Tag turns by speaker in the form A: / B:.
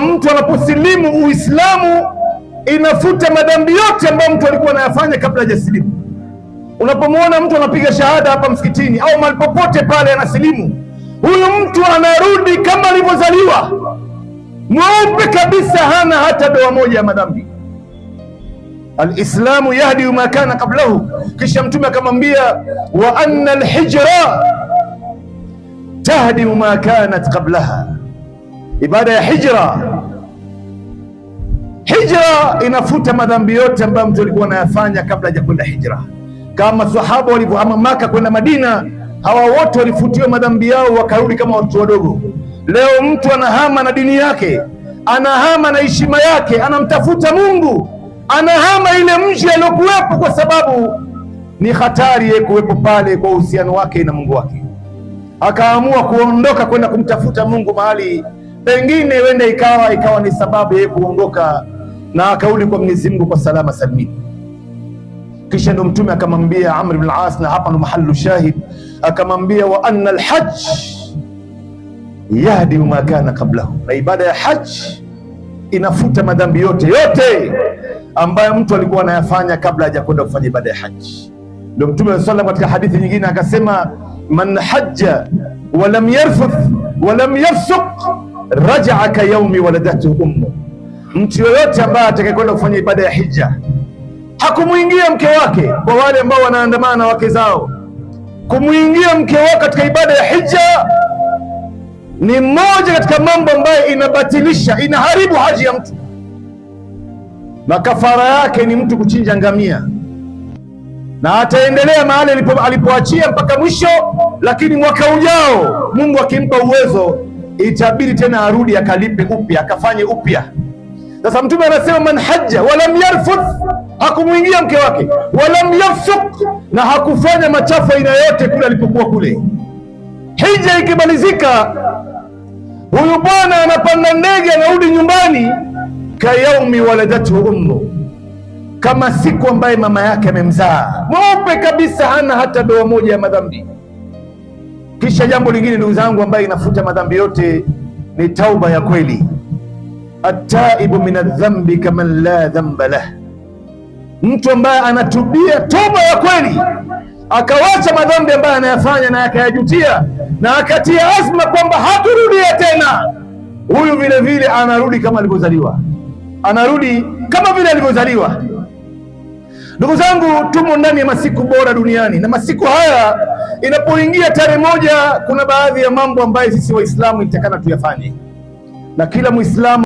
A: mtu anaposilimu Uislamu inafuta madhambi yote ambayo mtu alikuwa anayafanya kabla hajasilimu. Unapomwona mtu anapiga shahada hapa msikitini au mahali popote pale anasilimu, huyu mtu anarudi kama alivyozaliwa, mweupe kabisa, hana hata doa moja ya madhambi. Alislamu yahdi ma kana qablahu. Kisha Mtume akamwambia wa anna alhijra tahdi ma kanat qablaha, ibada ya hijra Hijra inafuta madhambi yote ambayo mtu alikuwa anayafanya kabla kwenda hijra. Kama sahaba walivyohama Maka kwenda Madina, hawa wote walifutiwa madhambi yao wakarudi kama watoto wadogo. Leo mtu anahama na dini yake, anahama na heshima yake, anamtafuta Mungu, anahama ile mji aliyokuwepo, kwa sababu ni hatari yeye kuwepo pale kwa uhusiano wake na Mungu wake, akaamua kuondoka kwenda kumtafuta Mungu mahali pengine, wenda ikawa ikawa ni sababu yeye kuondoka na akauli kwa Mwenyezi Mungu kwa salama salimini. Kisha ndo Mtume akamwambia Amr ibn al-As, na hapa ndo mahalu shahid, akamwambia wa anna al-hajj yahdi ma kana qablahu, na ibada ya hajj inafuta madhambi yote yote ambayo mtu alikuwa anayafanya kabla hajakwenda kufanya ibada ya haji. ndo Mtume sallallahu sallam katika hadithi nyingine akasema, man hajja lam yarfuth lam yafsuq rajaa ka yaumi waladatuhu ummu Mtu yoyote ambaye atakayekwenda kufanya ibada ya hija hakumwingia mke wake, kwa wale ambao wanaandamana na wake zao, kumwingia mke wake katika ibada ya hija ni mmoja katika mambo ambayo inabatilisha, inaharibu haji ya mtu, na kafara yake ni mtu kuchinja ngamia, na ataendelea mahali alipoachia mpaka mwisho. Lakini mwaka ujao Mungu akimpa uwezo, itabidi tena arudi akalipe upya, akafanye upya sasa Mtume anasema man hajja walam yarfudh, hakumwingia mke wake, walam yafsuk, na hakufanya machafu aina yote kule alipokuwa kule. Hija ikimalizika, huyu bwana anapanda ndege, anarudi nyumbani, kayaumi waladatu ummu, kama siku ambaye mama yake amemzaa, mweupe kabisa, hana hata doa moja ya madhambi. Kisha jambo lingine, ndugu zangu, ambaye inafuta madhambi yote ni tauba ya kweli. Ataibu min adhambi kaman la dhamba lah, mtu ambaye anatubia toba ya kweli akawacha madhambi ambayo anayafanya na akayajutia na akatia azma kwamba haturudia tena, huyu vile vile anarudi kama alivyozaliwa, anarudi kama vile alivyozaliwa. Ndugu zangu, tumo ndani ya masiku bora duniani, na masiku haya inapoingia tarehe moja, kuna baadhi ya mambo ambayo sisi Waislamu itakana tuyafanye na kila Muislamu